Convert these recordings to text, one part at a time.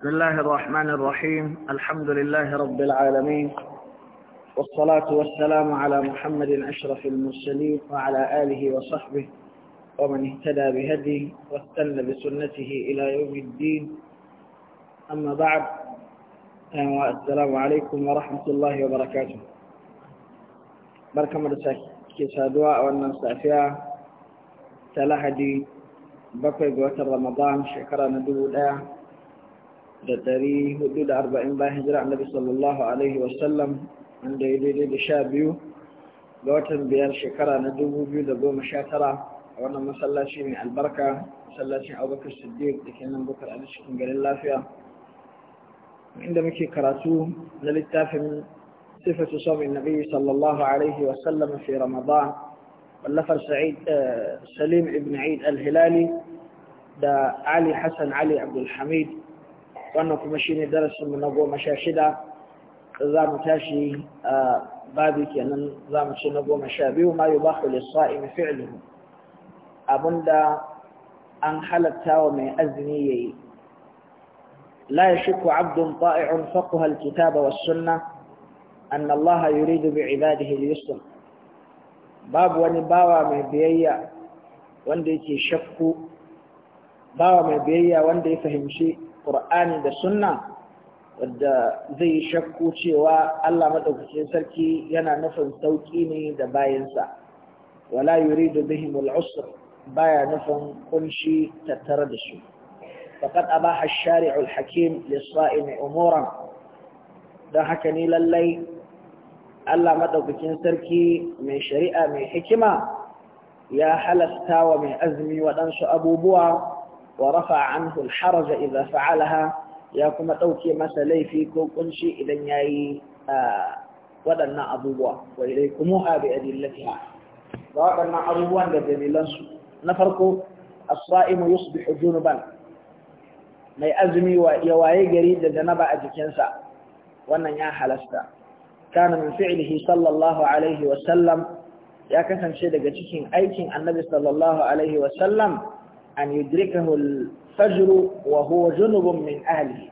بسم الله الرحمن الرحيم الحمد لله رب العالمين والصلاة والسلام على محمد أشرف المرسلين وعلى آله وصحبه ومن اهتدى بهدي واستنى بسنته إلى يوم الدين أما بعد السلام عليكم ورحمة الله وبركاته كيسا دعاء كسادواء فيها تلهدي بقي قوة رمضان شكرا ندود da ɗari hudu da arba'in bayan hijira annabi sallallahu alaihi wasallam wanda ya daidai da sha biyu ga watan biyar shekara na dubu biyu da goma sha tara a wannan masallaci mai albarka masallacin abubakar siddiq da ke nan bukar ali cikin garin lafiya inda muke karatu na littafin sifatu sawmin nabi sallallahu alaihi wasallam fi ramadan wallafar sa'id eh, salim ibn aid al-hilali da ali hasan ali abdulhamid wannan kuma shine darasinmu na goma sha shida za mu tashi babu kenan za mu ce na goma sha biyu ma yubahu lis-sa'imi fi'luhu abinda an halatta wa mai azumi yayi la yashku 'abdun ta'i'un faqaha al-kitaba was-sunnah anna Allah yuridu bi'ibadihi al-yusra babu wani bawa mai biyayya wanda yake shakku bawa mai biyayya wanda ya fahimci ƙur'ani da sunna wadda zai shakku cewa Allah maɗaukacin sarki yana nufin sauƙi ne da bayansa wala yuridu bihim al baya nufin kunshi tattara da su faqad abaha ash-shari'u al-hakim lis-sa'im umuran dan haka ne lallai Allah maɗaukacin sarki mai shari'a mai hikima ya halasta wa mai azumi waɗansu abubuwa ورفع عنه الحرج إذا فعلها يا كما توكي مثلي فيكم كنشي إذا ياي ودنا أبوا وإليكمها بأدلتها ودنا أبوا بدليلنس نفرق الصائم يصبح جنبا mai azumi ya waye gari da janaba a jikinsa wannan ya halasta kana min fi'lihi sallallahu alaihi wa sallam ya kasance daga cikin aikin annabi sallallahu alaihi wa sallam an yudrikahu al-fajr wa huwa junubun min ahlihi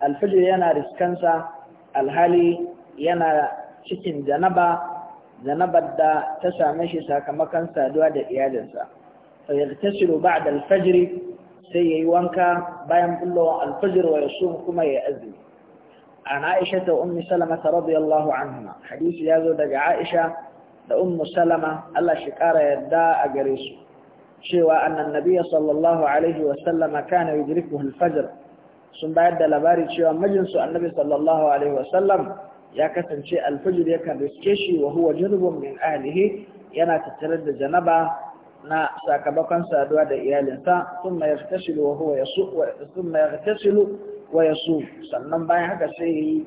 al-fajr yana riskansa alhali yana cikin janaba zanabar da ta same shi sakamakon saduwa da iyalinsa fa yaghtasilu ba'da al-fajr sai yayi wanka bayan bullowa al-fajr wa yasum kuma ya azumi an Aisha ta ummi Salama radiyallahu anha hadisi ya zo daga Aisha da ummu Salama Allah shi kara yadda a gare su cewa annan nabiya sallallahu alaihi wasallama kana yudrikuhu al-fajr sun bayar da labari cewa majinsu annabi sallallahu alaihi wasallam ya kasance alfajir yakan riske shi wa huwa junubun min ahlihi yana tattare da janaba na sakamakon saduwa da iyalinsa sun thumma yaghtasilu wa huwa yasu'u thumma yaghtasilu wa yasu'u sannan bayan haka sai yi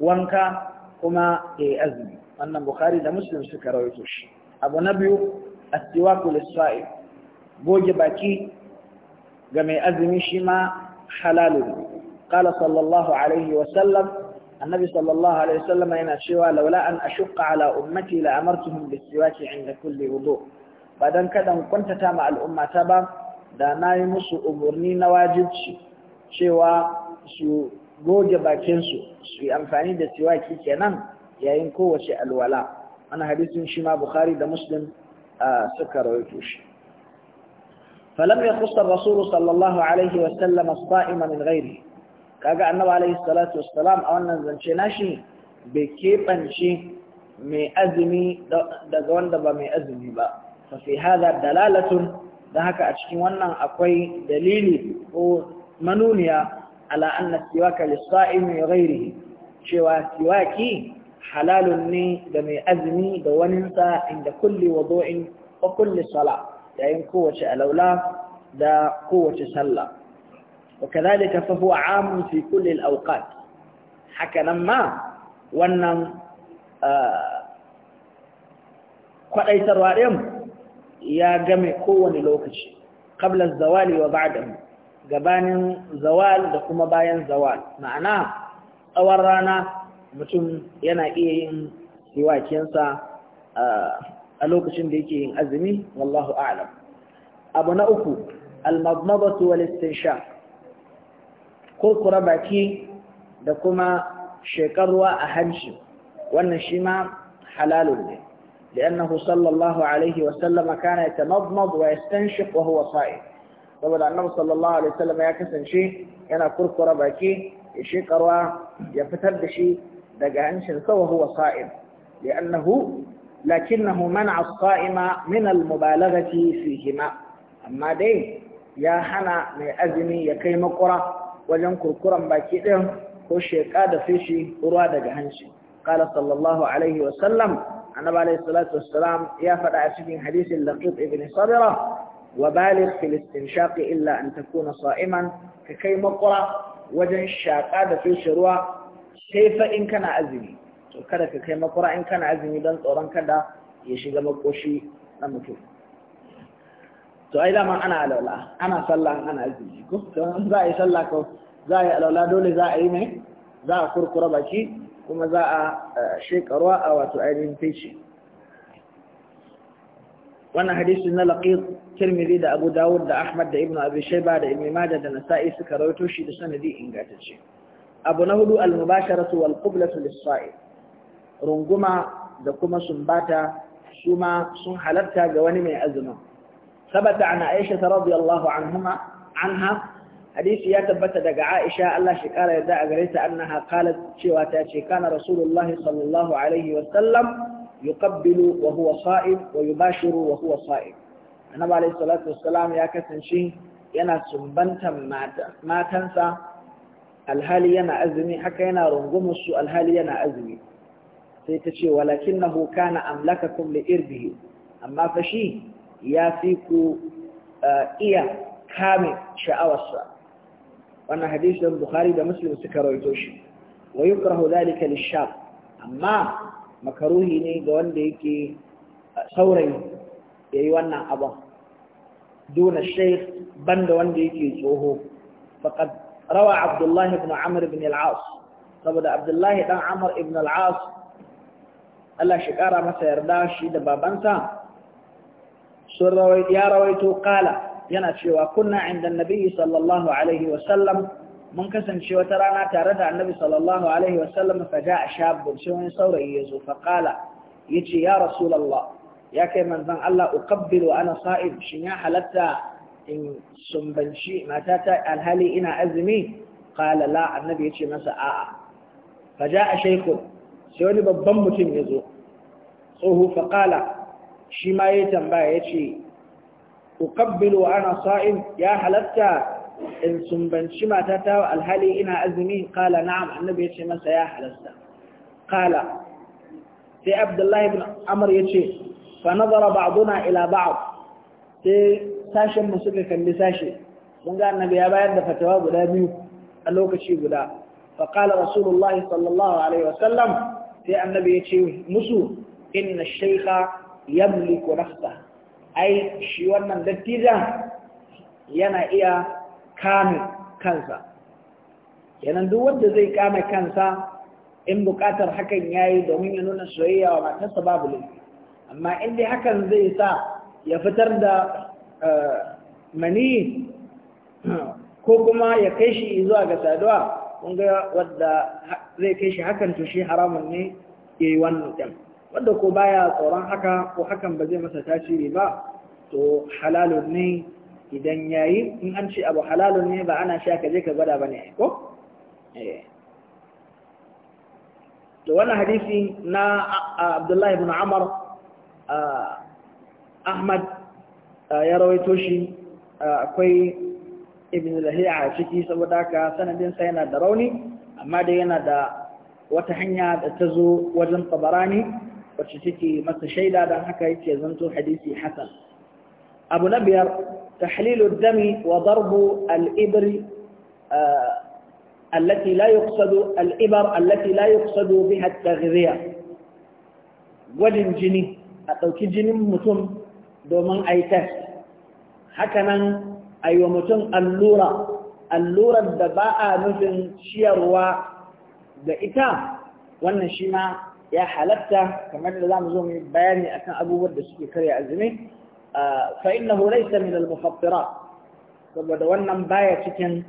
wanka kuma ya yi azumi wannan bukhari da muslim suka rawaito shi abu na biyu as-siwaku lis-sa'im goge baki ga mai azumi shi ma halalun qala sallallahu alaihi wa sallam annabi sallallahu alaihi wa sallam yana cewa laula an ashqa ala ummati la amartuhum bisiwaki inda kulli wudu ba dan kaɗan kwantata ma al'ummata ba da nayi musu umurni na wajibci cewa su goge bakinsu su yi amfani da siwaki kenan yayin kowace alwala wani hadisin shi ma bukhari da muslim ah, suka rawaito shi falam yakhuss ar-rasul sallallahu alaihi wa sallam as-sa'ima min kaga annabi alaihi salatu wassalam a wannan zance nashi bai keɓance mai daga wanda ba mai azumi ba fa da hadha dalalatun da haka a cikin wannan akwai dalili ko manuniya ala anna siwaka lis-sa'imi wa ghairihi cewa siwaki halalun ne da mai azumi da waninsa inda kulli wudu'in wa kulli salat yayin kowace alaula da kowace sallah wa kadalika fa huwa amun fi kulli alawqat hakanan ma wannan ah, kwadaitarwa din ya game kowane lokaci qabla az-zawali wa ba'dahu gabanin zawal da kuma bayan zawal ma'ana tsawon rana mutum yana iya yin siwakensa ah, a lokacin da yake yin azumi wallahu a'lam abu na uku almadmadatu wal istinsha ko kura baki da kuma shekar ruwa a hanci wannan shi ma halalun ne لأنه صلى الله عليه وسلم كان يتمضمض ويستنشق وهو صائم saboda annabi sallallahu alaihi wasallam ya kasance yana kurkura baki ya shekarwa ya fitar da shi daga hancin sa wa huwa sa'im li'annahu lakin na humana a sa’ima minal mubalaga fi hima amma dai ya hana mai azumi ya kai makura wajen kurkuran baki ɗin ko sheƙa da fishi ruwa daga hanci ƙala sallallahu alaihi wasallam annaba alaihi salatu wasalam ya faɗa a cikin hadisin laqib ibn sabira wa Bali fil istinshaqi illa an takuna sa'iman ka kai makura wajen shaƙa da fishi ruwa sai fa in kana azumi to kada ka kai makura in kana azumi don tsoron kada ya shiga makoshi na mutum to ai dama ana alaula ana sallah ana azumi ko don za a yi sallah ko za a yi alaula dole za a yi mai za a kurkura baki kuma za a eh, shekarwa a wato ainihin fice wannan hadisi na laqid tirmidhi da abu dawud da ahmad da ibnu abi shayba da ibnu majah da nasa'i suka rawaito shi da sanadi ingantacce abu na hudu al-mubasharatu wal qiblatu lis-sa'i runguma da kuma sumbata su ma sun halarta ga wani mai azumin sabata ana aisha ta radiyallahu anha hadisi ya tabbata daga aisha Allah shi kara yadda a gare ta annaha qalat cewa ta ce kana rasulullah sallallahu alaihi wa sallam yuqabbilu wa huwa sa'im wa yubashiru wa huwa sa'im annabi alaihi salatu ya kasance yana sumbantan matansa alhali yana azumi haka yana rungumar su alhali yana azumi sai ta ce walakin na hoka na amlakakum da irbihi amma fashi ya fi ku eh, iya kame sha'awarsa wannan hadisin buhari da muslim suka rawaito shi wa yukrahu dhalika lishab amma makaruhi ne ga wanda yake eh, saurayi yayi wannan abin duna shaykh banda wanda yake tsoho faqad rawa ibn ibn al saboda abdullahi ɗan amr ibn al Allah shi ƙara masa yarda shi da babansa ya rawaito ƙala yana cewa kunna inda nabi sallallahu alaihi wasallam mun kasance wata rana tare da annabi sallallahu alaihi wasallam fa ja a shabbun sai wani saurayi ya zo fa ƙala ya ce ya rasulallah ya kai manzan Allah uqabbilu ana sa'id shin ya halatta in sumbanci matata alhali ina azumi qala la annabi ya ce masa a'a fa ja a shaykh sai wani babban mutum ya zo tsohu faƙala shi ma ya tambaya ya ce ukabbilu ana sa'in ya halatta in sumbanci matata alhali ina azumi Ƙala na'am annabi ya ce masa ya halatta kala sai abdullahi bin amr ya ce fa nazara ba'duna ila ba'd sai sashen mu suka kalli sashe mun ga annabi ya bayar da fatawa guda biyu a lokaci guda fa qala rasulullahi sallallahu alaihi wasallam sai annabi ya ce musu inna shaykha yamliku nafsa ai shi wannan dattija yana iya kame kansa yanan duk wanda zai kame kansa in bukatar hakan yayi domin ya nuna soyayya wa matarsa babu laifi amma in dai hakan zai sa ya fitar da eh, mani ko kuma ya kai shi zuwa ga saduwa kun wadda zai kai shi hakan to shi haramun ne ya yi wannan ɗan wanda ko baya tsoron haka ko hakan ba zai masa tasiri ba to halalun ne idan ya yi in an ce abu halalun ne ba ana sha ka je ka gwada ba ne ko? Eh. to wannan hadisi na abdullahi ibn amar ahmad ya rawaito shi akwai ibn lahiya a ciki saboda haka sanadinsa yana da rauni amma dai yana da wata hanya da ta zo wajen tabarani wacce take masa shaida don haka yake zanto hadisi hasan abu na biyar tahlilu dami wa darbu al-ibri التي لا يقصد الإبر التي لا يقصد بها التغذية وجن جني أتوكي جني متم دومن أي تست هكذا أي متم اللورة allurar da ba a nufin ciyarwa da ita wannan shi ma ya halatta kamar da za mu zo mu bayani akan abubuwan da suke karya azumi Fa'ina innahu laysa min saboda wannan baya cikin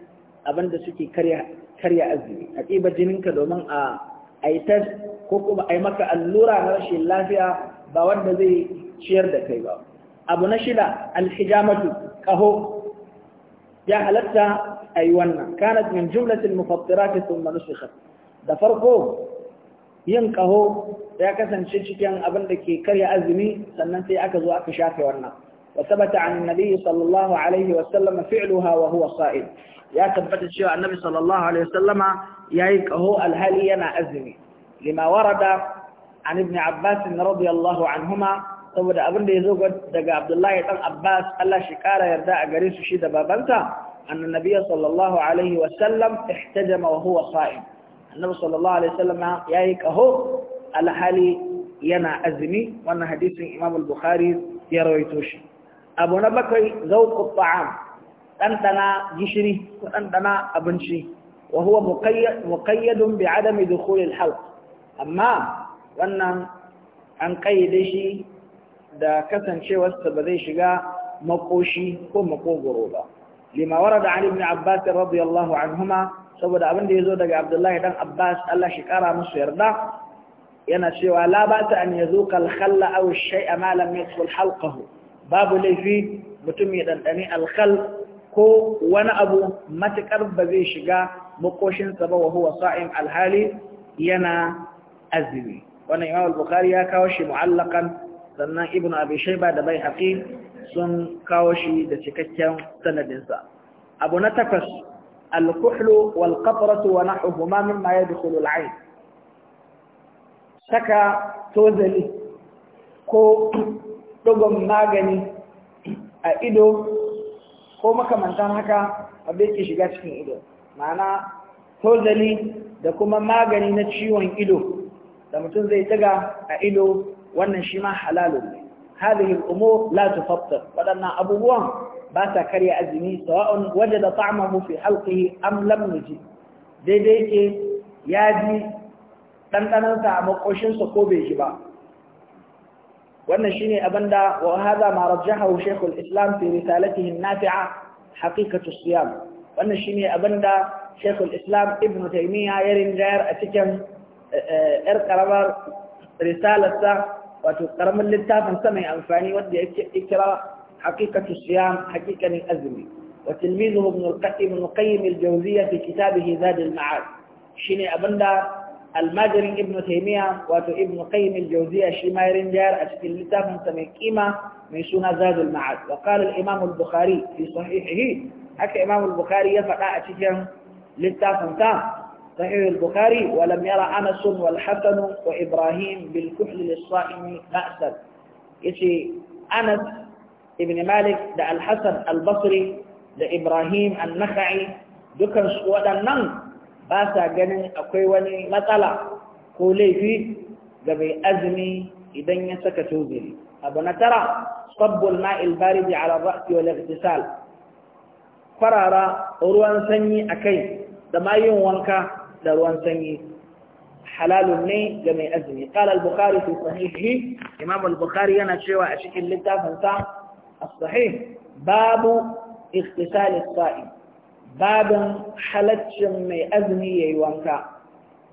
abin da suke karya azumi a ƙiba jininka domin a aitar ko kuma a maka allura na rashin lafiya ba wanda zai ciyar da kai ba abu na shida alhijamatu ƙaho ya halarta ayi yi wannan kanat min jumlatil mufattirati thumma nusikhat da farko yin kaho ya kasance cikin abinda ke karya azumi sannan sai aka zo aka shafe wannan wa nabi sallallahu alaihi wa sallam fi'luha wa huwa sa'id ya tabbata cewa annabi sallallahu alaihi wa sallama yayi kaho alhali yana azumi lima warada an ibn abbas radiyallahu anhuma saboda abin da ya zo daga abdullahi ɗan abbas allah shi kara yarda a gare su shi da babanta annan nabiya sallallahu alaihi wasallam ihtajama wa huwa sa'im annabi sallallahu alaihi wasallam yayi kaho alhali yana azumi wannan hadisin imam al-bukhari ya rawaito shi abu na bakwai zauqu ta'am dandana gishiri ko dandana abinci wa huwa muqayyad bi adami dukhul al-halq amma wannan an kayyade shi da kasancewarsa ba zai shiga makoshi ko makogoro ba lima warada ali ibn abbas radiyallahu anhuma saboda abin da yazo daga abdullahi dan abbas Allah shi kara musu yarda yana cewa la ba ta an yazuqa al-khalla aw shai shaya ma lam yadkhul halqahu babu laifi mutum ya dandane al ko wani abu matakar ba zai shiga makoshinsa ba wa huwa sa'im alhali yana azumi wannan imam al-bukhari ya kawo shi mu'allakan sannan ibn abi shaiba da bai haƙi sun kawo shi da cikakken sanadinsa abu na takwas alkuhlu wal qatratu wa min ma yadkhulu al ayn saka tozali ko dogon magani a ido ko makamantan haka abin ke shiga cikin ido ma'ana tozali da kuma magani na ciwon ido da mutum zai taga a ido wannan shi ma halalun ne hadhihi al-umur la tufattir wadannan abubuwan ba ta karya azumi sawa'un wajada ta'amahu fi halqihi am lam yajid daidai ke ya ji ɗanɗanansa a makoshinsa ko bai ji ba wannan shine abinda wa hadha ma rajjahahu shaykhul islam fi risalatihi an-nafi'a haqiqatu siyam wannan shine abinda shaykhul islam ibn taymiya ya rinjayar a cikin yar karamar risalarsa wato karamin littafin sa mai amfani wanda yake ikira haqiqatu siyam haqiqanin azumi wa tilmizuhu ibn al-qasim ibn qayyim al-jawziyya fi kitabihi zad al-ma'ad shine abinda almajirin ibn taymiya wato ibn qayyim al-jawziyya shi ma yarin jar a cikin littafin sa mai kima mai suna zad al-ma'ad wa qala al-imam al-bukhari fi sahihihi haka imam al-bukhari ya faɗa a cikin littafin sa صحيح البخاري ولم يرى أنس والحسن وإبراهيم بالكحل للصائم بأسا يشي أنس ابن مالك دا الحسن البصري دا إبراهيم النخعي دكان سوادا نن باسا جنن أكويوني مثلا قولي في قبي أزمي إذن يسك توزلي أبنا ترى صب الماء البارد على الرأس والاغتسال فرارا أروان سني أكي دما يوم وانكا da ruwan sanyi halalun ne ga mai azumi qala al-bukhari fi imam al-bukhari yana cewa a cikin littafin sa babu ikhtisal as-sa'im babu halaccin mai azumi yayi wanka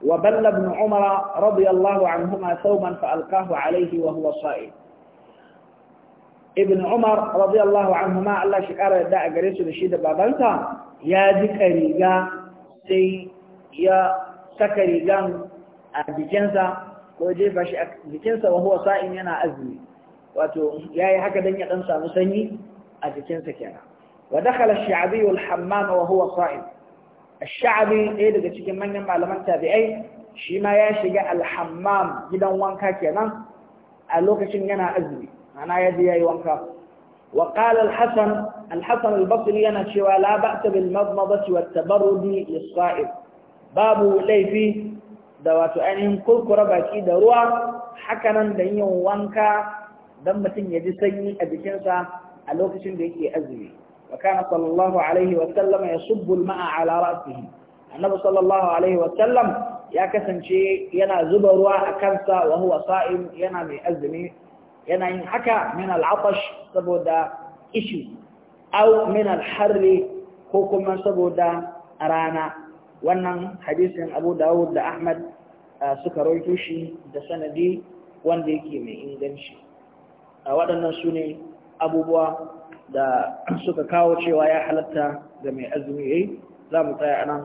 wa balla ibn umara radiyallahu anhuma thawban fa alqahu alayhi wa huwa sa'im ibn umar radiyallahu anhuma Allah shi kara da gare su da shi da babansa ya ji kariga sai يا سكري جان بجنسة ويجيب أشياء بجنسة وهو صائم أنا أزمي واتو يا هكا دنيا قنصة مسني أجنسة كنا ودخل الشعبي الحمام وهو صائم الشعبي إيه لقد تكن من يمع لمن تابعي شما ياشي الحمام جدا وانكا كنا ألوكا شن أنا أزمي أنا يدي يا وانكا وقال الحسن الحسن البصري أنا شوى لا بأس بالمضمضة والتبرد للصائم babu laifi da wato ainihin kurkura baki da ruwa hakanan da yin wanka don mutum ya ji sanyi a jikinsa a lokacin da yake azumi wa kana sallallahu alaihi wa sallam ya subbu ma'a ala ra'sihi annabi sallallahu alaihi wa sallam ya kasance yana zuba ruwa a kansa wa huwa sa'im yana mai azumi yana yin haka min al'atash saboda ishi au min al-harri ko kuma saboda rana wannan hadisin abu dawud da ahmad suka rawaito shi da sanadi wanda yake mai inganci a waɗannan su ne abubuwa da suka kawo cewa ya halatta ga mai azumi yayi za mu tsaya nan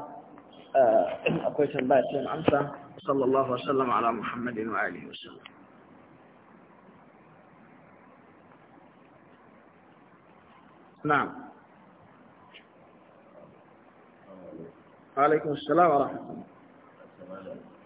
akwai tambaya amsa sallallahu wasallam ala muhammadin wa alihi wasallam na'am وعليكم السلام ورحمة الله